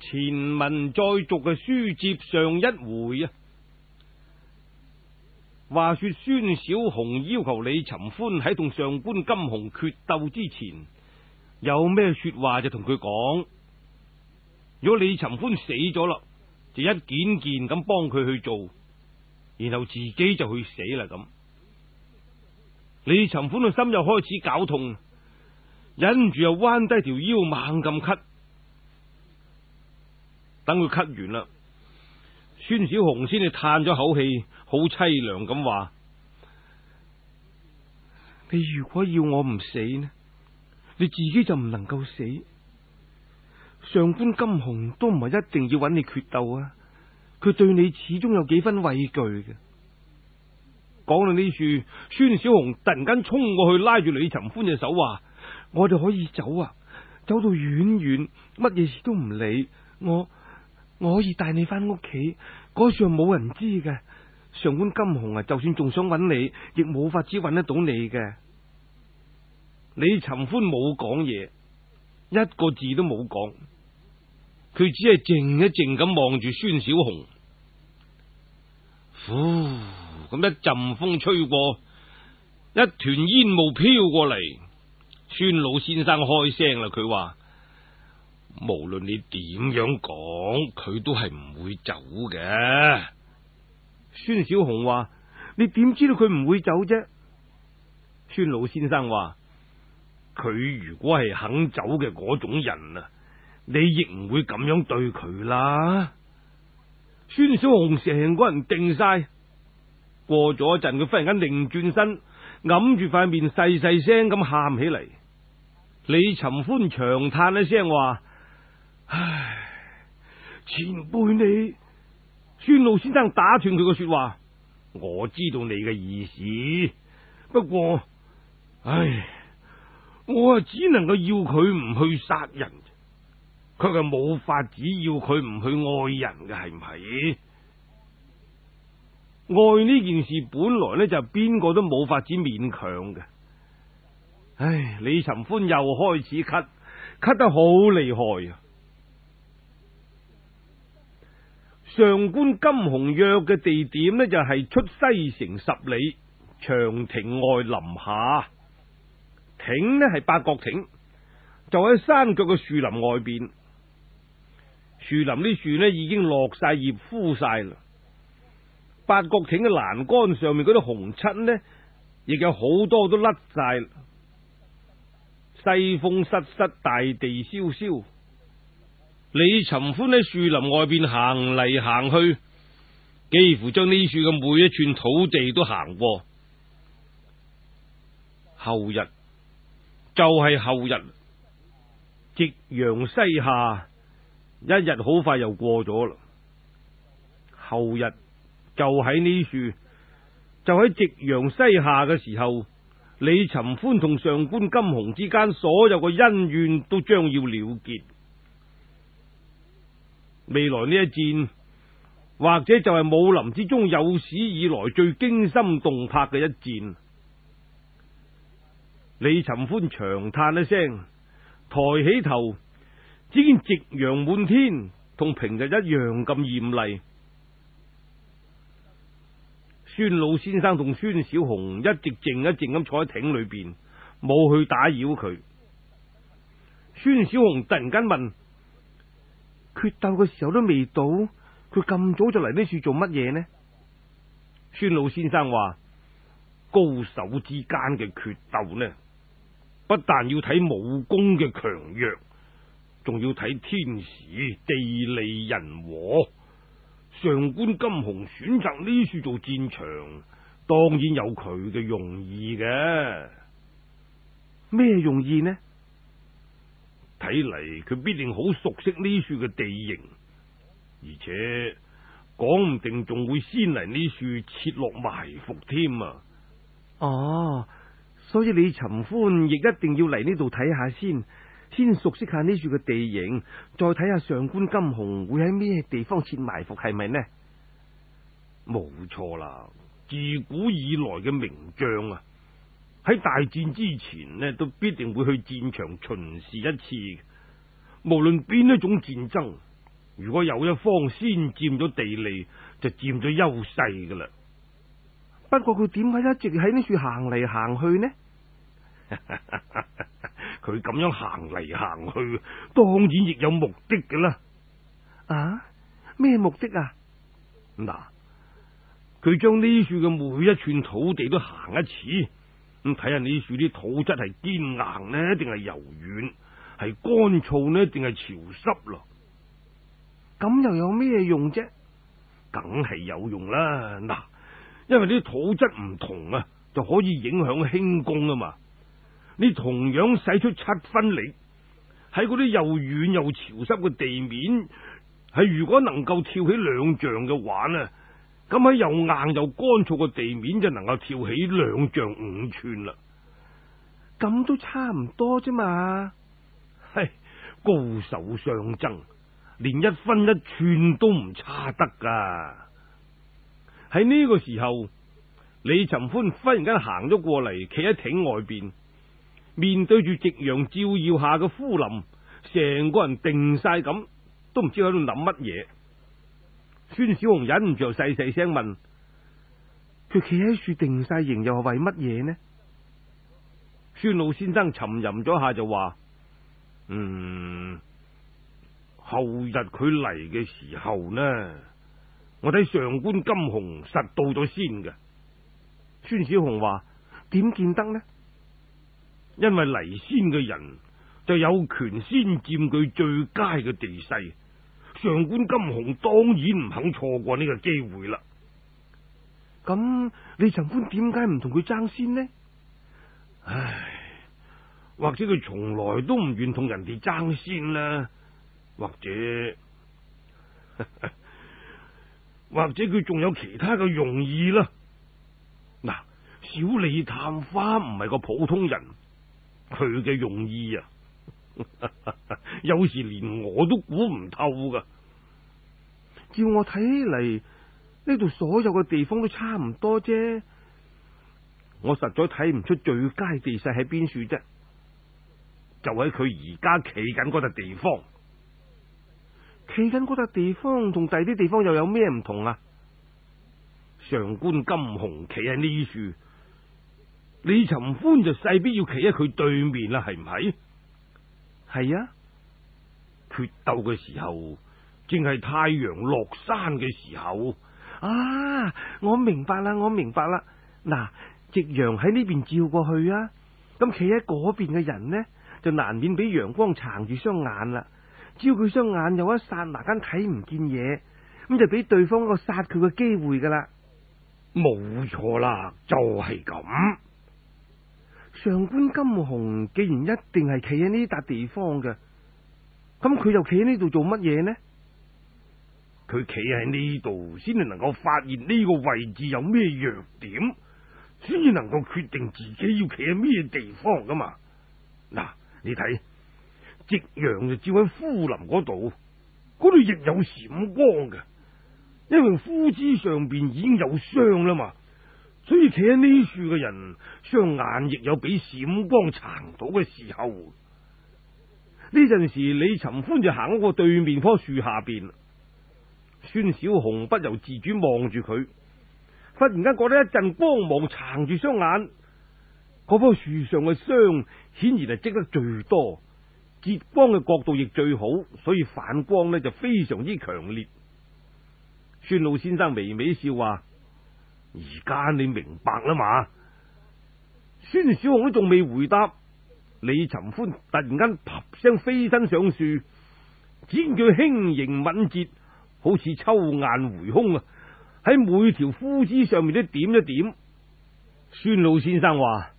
前文再續嘅書接上一回啊，話說孫小紅要求李尋歡喺同上官金虹決鬥之前有咩說話就同佢講，如果李尋歡死咗啦，就一件件咁幫佢去做，然後自己就去死啦咁。李尋歡嘅心又開始絞痛，忍住又彎低條腰猛咁咳，咳。等佢咳完啦，孫小紅先至嘆咗口氣，好淒涼咁話：你如果要我唔死呢，你自己就唔能夠死。上官金虹都唔係一定要揾你決鬥啊，佢對你始終有幾分畏懼嘅。講到呢處，孫小紅突然間衝過去拉住李尋歡隻手，話：我哋可以走啊，走到遠遠，乜嘢事都唔理我。我可以帶你翻屋企，嗰處冇人知嘅。上官金虹啊，就算仲想揾你，亦冇法子揾得到你嘅。李尋歡冇講嘢，一個字都冇講，佢只係靜一靜咁望住孫小紅。呼，咁一陣風吹過，一團煙霧飄過嚟，孫老先生開聲啦，佢話。無論你點樣講，佢都係唔會走嘅。孫小紅話：你點知道佢唔會走啫？孫老先生話：佢如果係肯走嘅嗰種人啊，你亦唔會咁樣對佢啦。孫小紅成個人定晒，過咗一陣，佢忽然間擰轉身，揞住塊面細細聲咁喊起嚟。李尋歡長嘆一聲話。唉，前輩你，孫老先生打斷佢嘅說話。我知道你嘅意思，不過，唉，我啊只能夠要佢唔去殺人，佢係冇法子要佢唔去愛人嘅，係唔係？愛呢件事本來咧就邊個都冇法子勉強嘅。唉，李尋歡又開始咳，咳得好厲害啊！上官金虹約嘅地點呢，就係、是、出西城十里長亭外林下，亭呢係八角亭，就喺山腳嘅樹林外邊。樹林啲樹呢已經落晒葉枯晒啦，八角亭嘅欄杆上面嗰啲紅漆呢，亦有好多都甩晒。西風瑟瑟，大地蕭蕭。李尋歡喺樹林外邊行嚟行去，幾乎將呢處嘅每一寸土地都行過。後日就係、是、後日，夕陽西下，一日好快又過咗啦。後日就喺呢處，就喺夕陽西下嘅時候，李尋歡同上官金鴻之間所有嘅恩怨都將要了結。未來呢一戰，或者就係武林之中有史以來最驚心動魄嘅一戰。李尋歡長歎一聲，抬起頭，只見夕陽滿天，同平日一樣咁艷麗。孫老先生同孫小紅一直靜一靜咁坐喺艇裏邊，冇去打擾佢。孫小紅突然間問。決鬥嘅時候都未到，佢咁早就嚟呢處做乜嘢呢？孫老先生話：高手之間嘅決鬥呢，不但要睇武功嘅強弱，仲要睇天時、地利、人和。上官金虹選擇呢處做戰場，當然有佢嘅用意嘅。咩用意呢？睇嚟佢必定好熟悉呢處嘅地形，而且講唔定仲會先嚟呢處設落埋伏添啊！哦，所以李尋歡亦一定要嚟呢度睇下先，先熟悉下呢處嘅地形，再睇下上官金鴻會喺咩地方設埋伏，係咪呢？冇錯啦，自古以來嘅名將啊！喺大戰之前咧，都必定會去戰場巡視一次。無論邊一種戰爭，如果有一方先佔咗地利，就佔咗優勢噶啦。不過佢點解一直喺呢處行嚟行去呢？佢咁 樣行嚟行去，當然亦有目的噶啦。啊，咩目的啊？嗱、啊，佢將呢處嘅每一寸土地都行一次。咁睇下呢處啲土質係堅硬呢，定係柔軟，係乾燥呢，定係潮濕咯？咁又有咩用啫？梗係有用啦！嗱，因為啲土質唔同啊，就可以影響輕功啊嘛。你同樣使出七分力，喺嗰啲又軟又潮濕嘅地面，係如果能夠跳起兩丈嘅話呢？咁喺又硬又乾燥嘅地面就能夠跳起兩丈五寸啦，咁都差唔多啫嘛。嘿，高手相爭，連一分一寸都唔差得噶。喺呢個時候，李尋歡忽然間行咗過嚟，企喺艇外邊，面對住夕陽照耀下嘅枯林，成個人定晒咁，都唔知喺度諗乜嘢。孫小紅忍唔住又細細聲問：佢企喺樹定晒形，又係為乜嘢呢？孫老先生沉吟咗下就話：嗯，後日佢嚟嘅時候呢，我睇上官金鴻實到咗先嘅。孫小紅話：點見得呢？因為嚟先嘅人就有權先佔佢最佳嘅地勢。上官金虹當然唔肯錯過呢個機會啦。咁李尋歡點解唔同佢爭先呢？唉，或者佢從來都唔願同人哋爭先啦，或者， 或者佢仲有其他嘅用意啦。嗱，小李探花唔係個普通人，佢嘅用意啊。 有時連我都估唔透噶照我睇嚟，呢度所有嘅地方都差唔多啫，我實在睇唔出最佳地勢喺邊處啫，就喺佢而家企緊嗰笪地方，企緊嗰笪地方同第啲地方又有咩唔同啊？上官金鴻企喺呢處，李尋歡就勢必要企喺佢對面啦，係唔係？係啊，決鬥嘅時候正係太陽落山嘅時候，時候啊，我明白啦，我明白啦。嗱、啊，夕陽喺呢邊照過去啊，咁企喺嗰邊嘅人呢，就難免俾陽光殘住雙眼啦。只要佢雙眼有一剎那間睇唔見嘢，咁就俾對方一個殺佢嘅機會噶啦。冇錯啦，就係、是、咁。上官金鴻既然一定係企喺呢笪地方嘅，咁佢又企喺呢度做乜嘢呢？佢企喺呢度先至能夠發現呢個位置有咩弱點，先至能夠決定自己要企喺咩地方噶嘛？嗱、啊，你睇，夕陽就照喺枯林度，度亦有閃光嘅，因為枯枝上邊已經有傷啦嘛。所以企喺呢樹嘅人，雙眼亦有俾閃光撐到嘅時候。呢陣時，李尋歡就行過對面棵樹下邊，孫小紅不由自主望住佢，忽然間覺得一陣光芒撐住雙眼。棵樹上嘅傷顯然係積得最多，折光嘅角度亦最好，所以反光呢就非常之強烈。孫老先生微微笑話。而家你明白啦嘛？孫小紅都仲未回答，李尋歡突然間啪聲飛身上樹，只見佢輕盈敏捷，好似秋雁回空啊！喺每條枯枝上面都點一點。孫老先生話：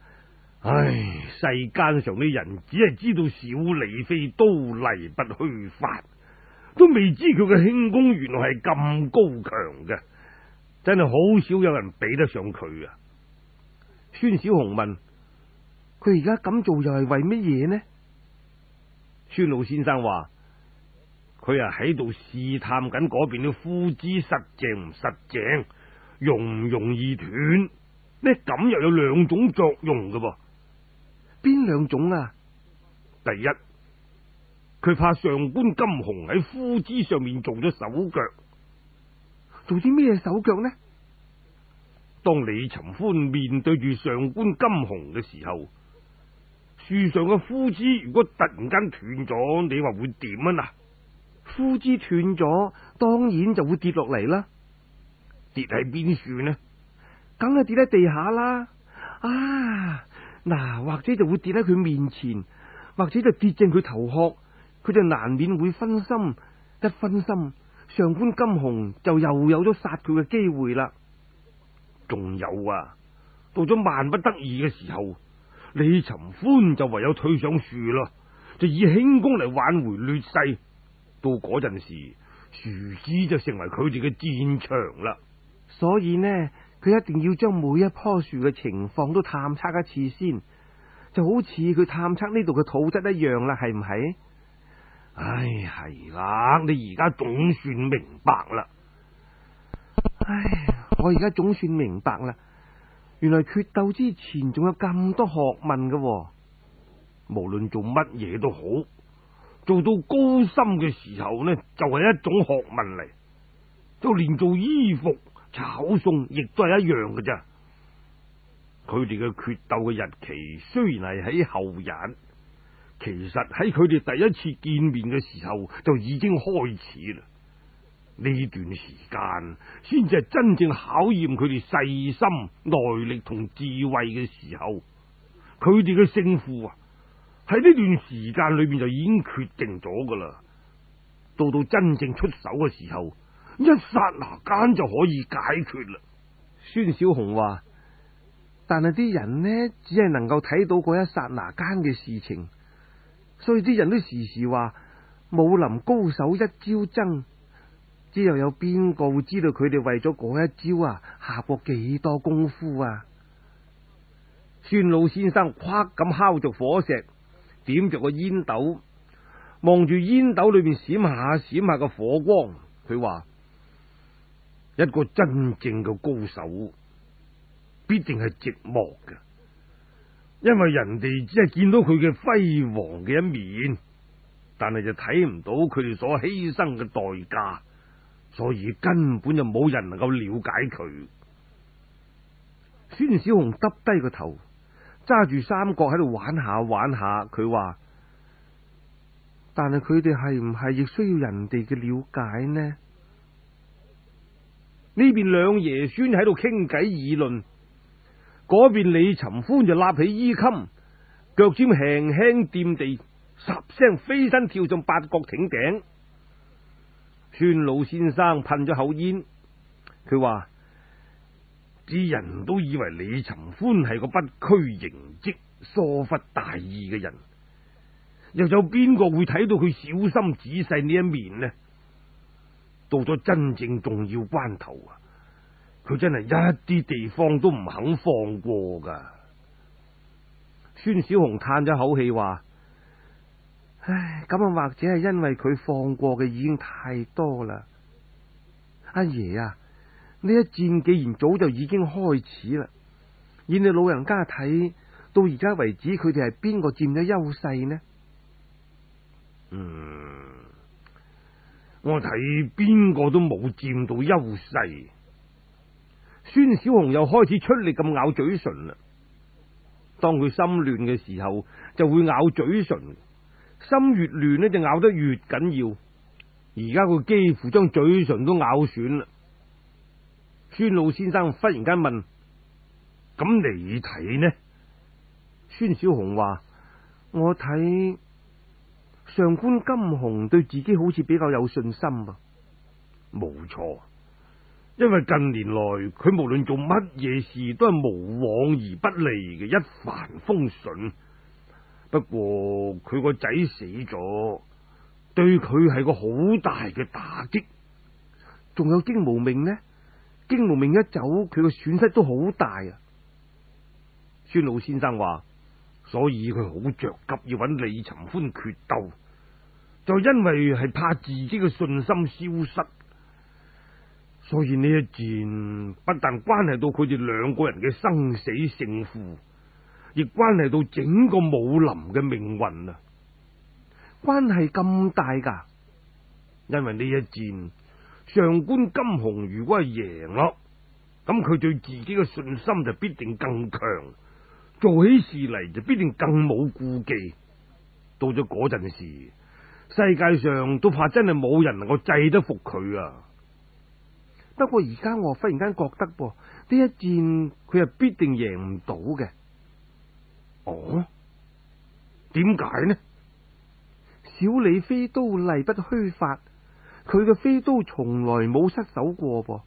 唉，世間上嘅人只係知道小李飛刀例不虛發，都未知佢嘅輕功原來係咁高強嘅。真係好少有人比得上佢啊！孫小紅問：佢而家咁做又係為乜嘢呢？孫老先生話：佢啊喺度試探緊嗰邊啲枯枝實淨唔實淨，容唔容易斷？咩咁又有兩種作用嘅噃、啊？邊兩種啊？第一，佢怕上官金虹喺枯枝上面做咗手腳。做啲咩手腳呢？當李尋歡面對住上官金虹嘅時候，樹上嘅枯枝如果突然間斷咗，你話會點啊？枯枝斷咗，當然就會跌落嚟啦。跌喺邊處呢？梗係跌喺地下啦。啊，嗱，或者就會跌喺佢面前，或者就跌正佢頭殼，佢就難免會分心，一分心，上官金鴻就又有咗殺佢嘅機會啦，仲有啊，到咗萬不得已嘅時候，李尋歡就唯有退上樹啦，就以輕功嚟挽回劣勢。到嗰陣時，樹枝就成為佢哋嘅戰場啦。所以呢，佢一定要將每一棵樹嘅情況都探測一次先，就好似佢探測呢度嘅土質一樣啦，係唔係？唉，係啦！你而家總算明白啦。唉，我而家總算明白啦。原來決鬥之前仲有咁多學問噶喎。無論做乜嘢都好，做到高深嘅時候呢，就係一種學問嚟。就連做衣服、炒餸，亦都係一樣嘅咋。佢哋嘅決鬥嘅日期，雖然係喺後日，其實喺佢哋第一次見面嘅時候就已經開始啦。呢段時間先至係真正考驗佢哋細心、耐力同智慧嘅時候。佢哋嘅勝負啊，喺呢段時間裏邊就已經決定咗噶啦。到到真正出手嘅時候，一剎那間就可以解決啦。孫小紅話：，但係啲人呢，只係能夠睇到嗰一剎那間嘅事情。所以啲人都時時話武林高手一招爭，知又有邊個會知道佢哋為咗嗰一招啊下過幾多功夫啊？孫老先生夸，咁敲着火石，點着個煙斗，望住煙斗裏邊閃下閃下個火光，佢話，一個真正嘅高手，必定係寂寞㗎。因為人哋只係見到佢嘅輝煌嘅一面，但係就睇唔到佢哋所犧牲嘅代價，所以根本就冇人能夠了解佢。孫小紅耷低個頭，揸住三角喺度玩下玩下，佢話：但係佢哋係唔係亦需要人哋嘅了解呢？呢邊兩爺孫喺度傾偈議論。邊李尋歡就立起衣襟，腳尖輕輕掂地，十聲飛身跳進八角亭頂。孫老先生噴咗口煙，佢話：啲人都以為李尋歡係個不拘形跡、疏忽大意嘅人，又有邊個會睇到佢小心仔細呢一面呢？到咗真正重要關頭啊！佢真係一啲地方都唔肯放過噶。孫小紅嘆咗口氣，話：唉，咁啊，或者係因為佢放過嘅已經太多啦。阿爺呀、啊，呢一戰既然早就已經開始啦，以你老人家睇，到而家為止，佢哋係邊個佔咗優勢呢？嗯，我睇邊個都冇佔到優勢。孫小紅又開始出力咁咬嘴唇啦。當佢心亂嘅時候，就會咬嘴唇。心越亂呢，就咬得越緊要。而家佢幾乎將嘴唇都咬損啦。孫老先生忽然間問：咁你睇呢？孫小紅話：我睇上官金虹對自己好似比較有信心。冇錯。因為近年來佢無論做乜嘢事都係無往而不利嘅、一帆風順，不過佢個仔死咗，對佢係個好大嘅打擊。仲有荊無命呢？荊無命一走，佢個損失都好大啊！孫老先生話，所以佢好着急，要揾李尋歡決鬥，就因為係怕自己嘅信心消失。所以呢一戰不但關係到佢哋兩個人嘅生死勝負，亦關係到整個武林嘅命運啊！關係咁大噶，因為呢一戰上官金鴻如果係贏咯，咁佢對自己嘅信心就必定更強，做起事嚟，就必定更冇顧忌。到咗嗰陣時，世界上都怕真係冇人能夠制得服佢啊！不過而家我忽然間覺得噃，呢一戰佢係必定贏唔到嘅。哦，點解呢？小李飛刀例不虛發，佢嘅飛刀從來冇失手過噃。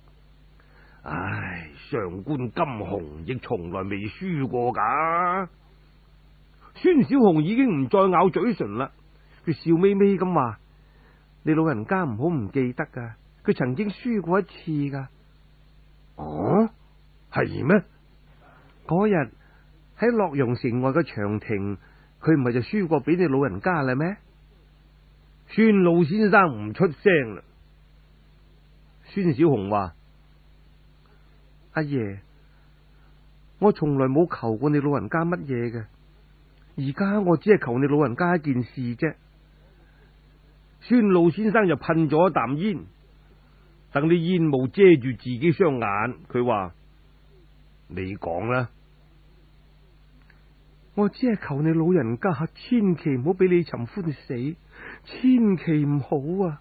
唉，上官金鴻亦從來未輸過噶。孫小紅已經唔再咬嘴唇啦，佢笑眯眯咁話：「你老人家唔好唔記得噶。佢曾經輸過一次噶，哦，係咩？嗰日喺洛陽城外嘅長亭，佢唔係就輸過俾你老人家啦咩？孫老先生唔出聲啦。孫小紅話：阿爺，啊，我從來冇求過你老人家乜嘢嘅，而家我只係求你老人家一件事啫。孫老先生就噴咗一啖煙。等啲煙霧遮住自己雙眼，佢話：你講啦，我只係求你老人家，千祈唔好俾李尋歡死，千祈唔好啊！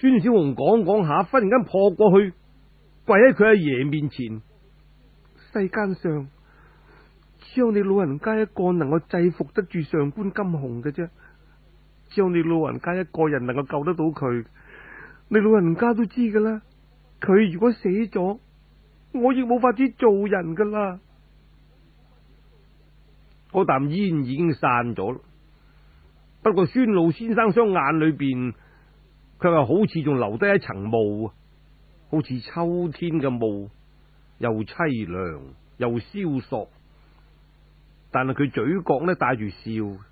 孫小紅講講下，忽然間撲過去，跪喺佢阿爺面前。世間上，只有你老人家一個能夠制服得住上官金鴻嘅啫，只有你老人家一個人能夠救得到佢。你老人家都知噶啦，佢如果死咗，我亦冇法子做人噶啦。嗰啖煙已經散咗啦，不過孫老先生雙眼裏邊，佢係好似仲留低一層霧，好似秋天嘅霧，又淒涼又蕭索。但係佢嘴角呢帶住笑，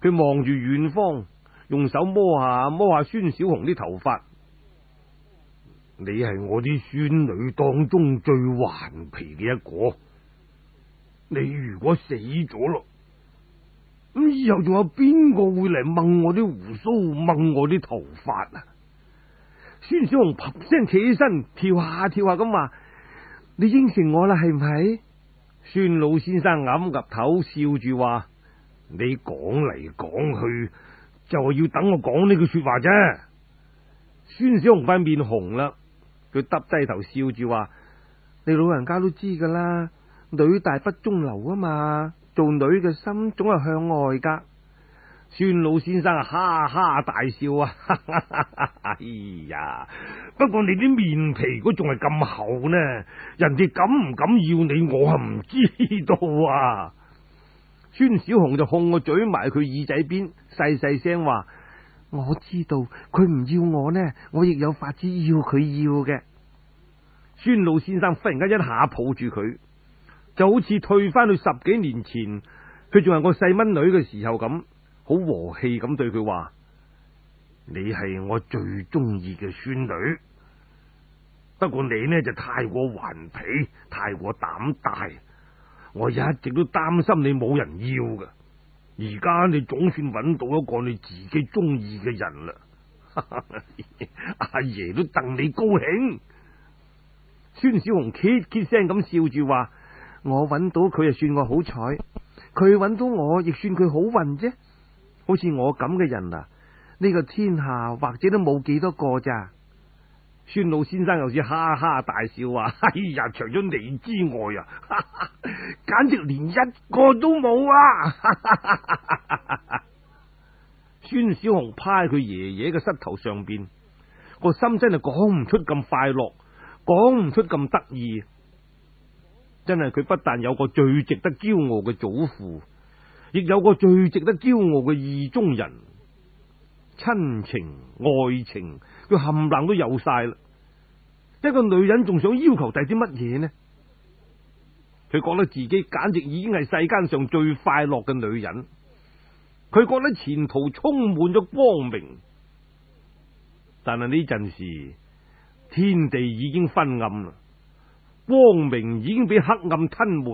佢望住遠方。用手摸下摸下孫小紅啲頭髮，你係我啲孫女當中最頑皮嘅一個，你如果死咗咯，咁以後仲有邊個會嚟掹我啲鬍鬚掹我啲頭髮啊？孫小紅啪聲起身，跳下跳下咁話：你應承我啦，係唔係？孫老先生揞岌頭，笑住話：你講嚟講去，就係要等我講呢句說話啫。孫小紅塊面紅啦，佢耷低頭笑住話：你老人家都知噶啦，女大不中留啊嘛，做女嘅心總係向外噶。孫老先生哈哈，哈，哈大笑啊哈哈哈哈！哎呀，不過你啲面皮嗰仲係咁厚呢？人哋敢唔敢要你，我係唔知道啊！孫小紅就控我嘴埋佢耳仔邊，細細聲話：我知道佢唔要我呢，我亦有法子要佢要嘅。孫老先生忽然間一下抱住佢，就好似退翻去十幾年前，佢仲係個細蚊女嘅時候咁，好和氣咁對佢話：你係我最中意嘅孫女，不過你呢就太過頑皮，太過膽大。我一直都擔心你冇人要噶，而家你總算揾到一個你自己中意嘅人啦，阿 爺、啊、都戥你高興。孫小紅怯怯聲咁笑住話，我揾到佢就算我好彩，佢揾到我，亦算佢好運啫。好似我咁嘅人啊，呢、這個天下或者都冇幾多個咋。孫老先生又是哈哈大笑啊，哎呀，除咗你之外啊哈哈，簡直連一個都冇。啊！哈哈，哈，哈，孫小紅趴喺佢爺爺嘅膝頭上邊，個心真係講唔出咁快樂，講唔出咁得意。真係佢不但有個最值得驕傲嘅祖父，亦有個最值得驕傲嘅意中人，親情、愛情。佢冚唪唥都有晒啦，一個女人仲想要求第啲乜嘢呢？佢覺得自己簡直已經係世間上最快樂嘅女人，佢覺得前途充滿咗光明，但係呢陣時天地已經昏暗啦，光明已經俾黑暗吞沒，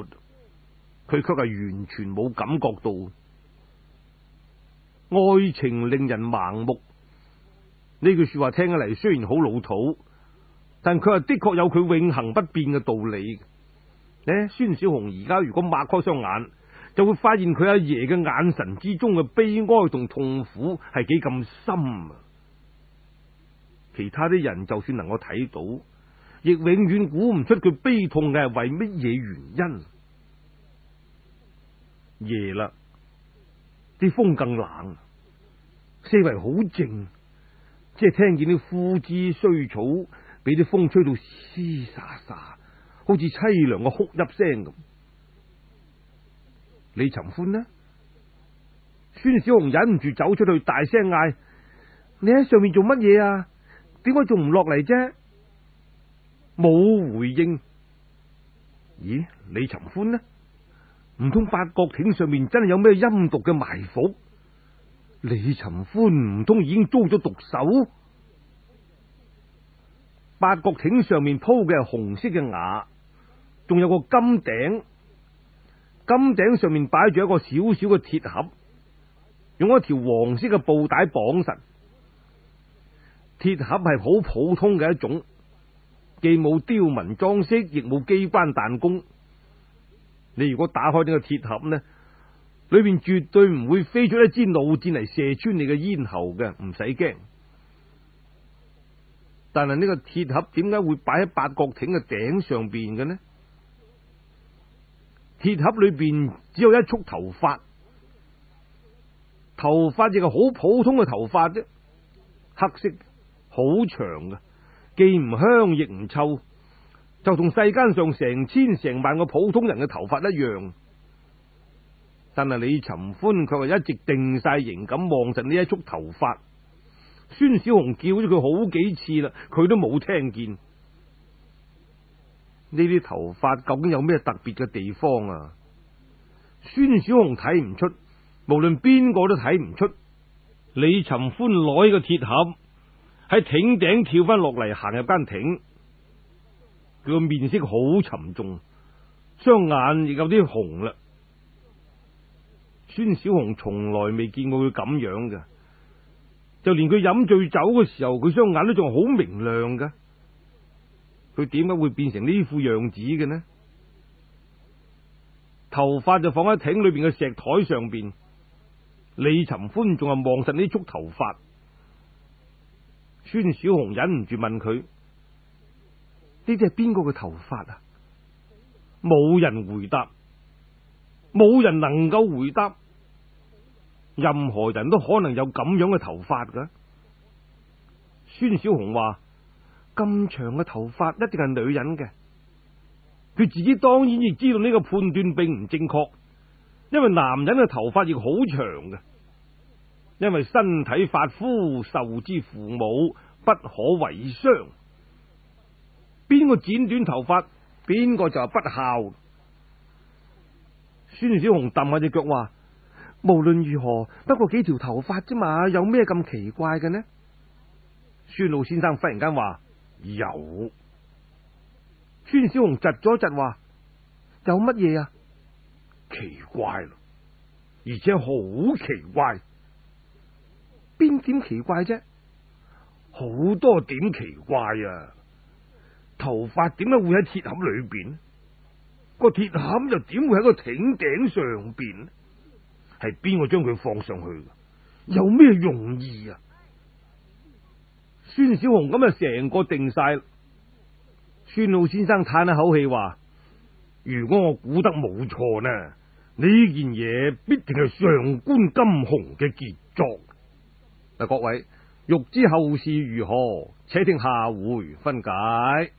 佢卻係完全冇感覺到愛情令人盲目。呢句說話聽起嚟，雖然好老土，但佢話的確有佢永恆不變嘅道理。誒，哎，孫小紅而家如果擘開雙眼，就會發現佢阿爺嘅眼神之中嘅悲哀同痛苦係幾咁深。其他啲人就算能夠睇到，亦永遠估唔出佢悲痛嘅係為乜嘢原因。夜啦，啲風更冷，四圍好靜。即係聽見啲枯枝衰草俾啲風吹到嘶沙沙，好似凄涼嘅哭泣聲咁。李尋歡呢？孫小紅忍唔住走出去，大聲嗌：你喺上面做乜嘢啊？點解仲唔落嚟啫？冇回應。咦？李尋歡呢？唔通八角亭上面真係有咩陰毒嘅埋伏？李尋歡唔通已經遭咗毒手？八角亭上面鋪嘅係紅色嘅瓦，仲有個金頂，金頂上面擺住一個小小嘅鐵盒，用一條黃色嘅布帶綁實。鐵盒係好普通嘅一種，既冇雕紋裝飾，亦冇機關彈弓。你如果打開呢個鐵盒呢？裏邊絕對唔會飛出一支弩箭嚟射穿你嘅咽喉嘅，唔使驚。但係呢個鐵盒點解會擺喺八角亭嘅頂上邊嘅呢？鐵盒裏邊只有一束頭髮，頭髮亦係好普通嘅頭髮啫，黑色，好長㗎，既唔香亦唔臭，就同世間上成千成萬個普通人嘅頭髮一樣。但係李尋歡佢係一直定晒形咁望實呢一束頭髮，孫小紅叫咗佢好幾次啦，佢都冇聽見。呢啲頭髮究竟有咩特別嘅地方啊？孫小紅睇唔出，無論邊個都睇唔出。李尋歡攞起個鐵盒喺艇頂跳翻落嚟，行入間艇，佢個面色好沉重，雙眼亦有啲紅啦。孫小紅從來未見過佢咁樣嘅，就連佢飲醉酒嘅時候，佢雙眼都仲好明亮嘅。佢點解會變成呢副樣子嘅呢？頭髮就放喺艇裏邊嘅石台上邊，李尋歡仲係望實呢束頭髮。孫小紅忍唔住問佢：呢啲係邊個嘅頭髮啊？冇人回答。冇人能夠回答，任何人都可能有咁樣嘅頭髮噶。孫小紅話：咁長嘅頭髮一定係女人嘅。佢自己當然亦知道呢個判斷並唔正確，因為男人嘅頭髮亦好長噶。因為身體髮膚，受之父母，不可為傷。邊個剪短頭髮，邊個就係不孝。孫小紅揼下隻腳話：無論如何，不過幾條頭髮啫嘛，有咩咁奇怪嘅呢？孫老先生忽然間話：有。孫小紅窒咗窒話：有乜嘢啊？奇怪咯，而且好奇怪，邊點奇怪啫？好多點奇怪啊！頭髮點解會喺鐵盒裏邊？個鐵盒又點會喺個挺頂上邊？係邊個將佢放上去嘅？有咩容易啊？孫、嗯、小紅咁就成個定晒啦。孫老先生嘆一口氣話：如果我估得冇錯呢，呢件嘢，必定係上官金鴻嘅傑作。嗱、嗯，各位欲知後事如何，且聽下回分解。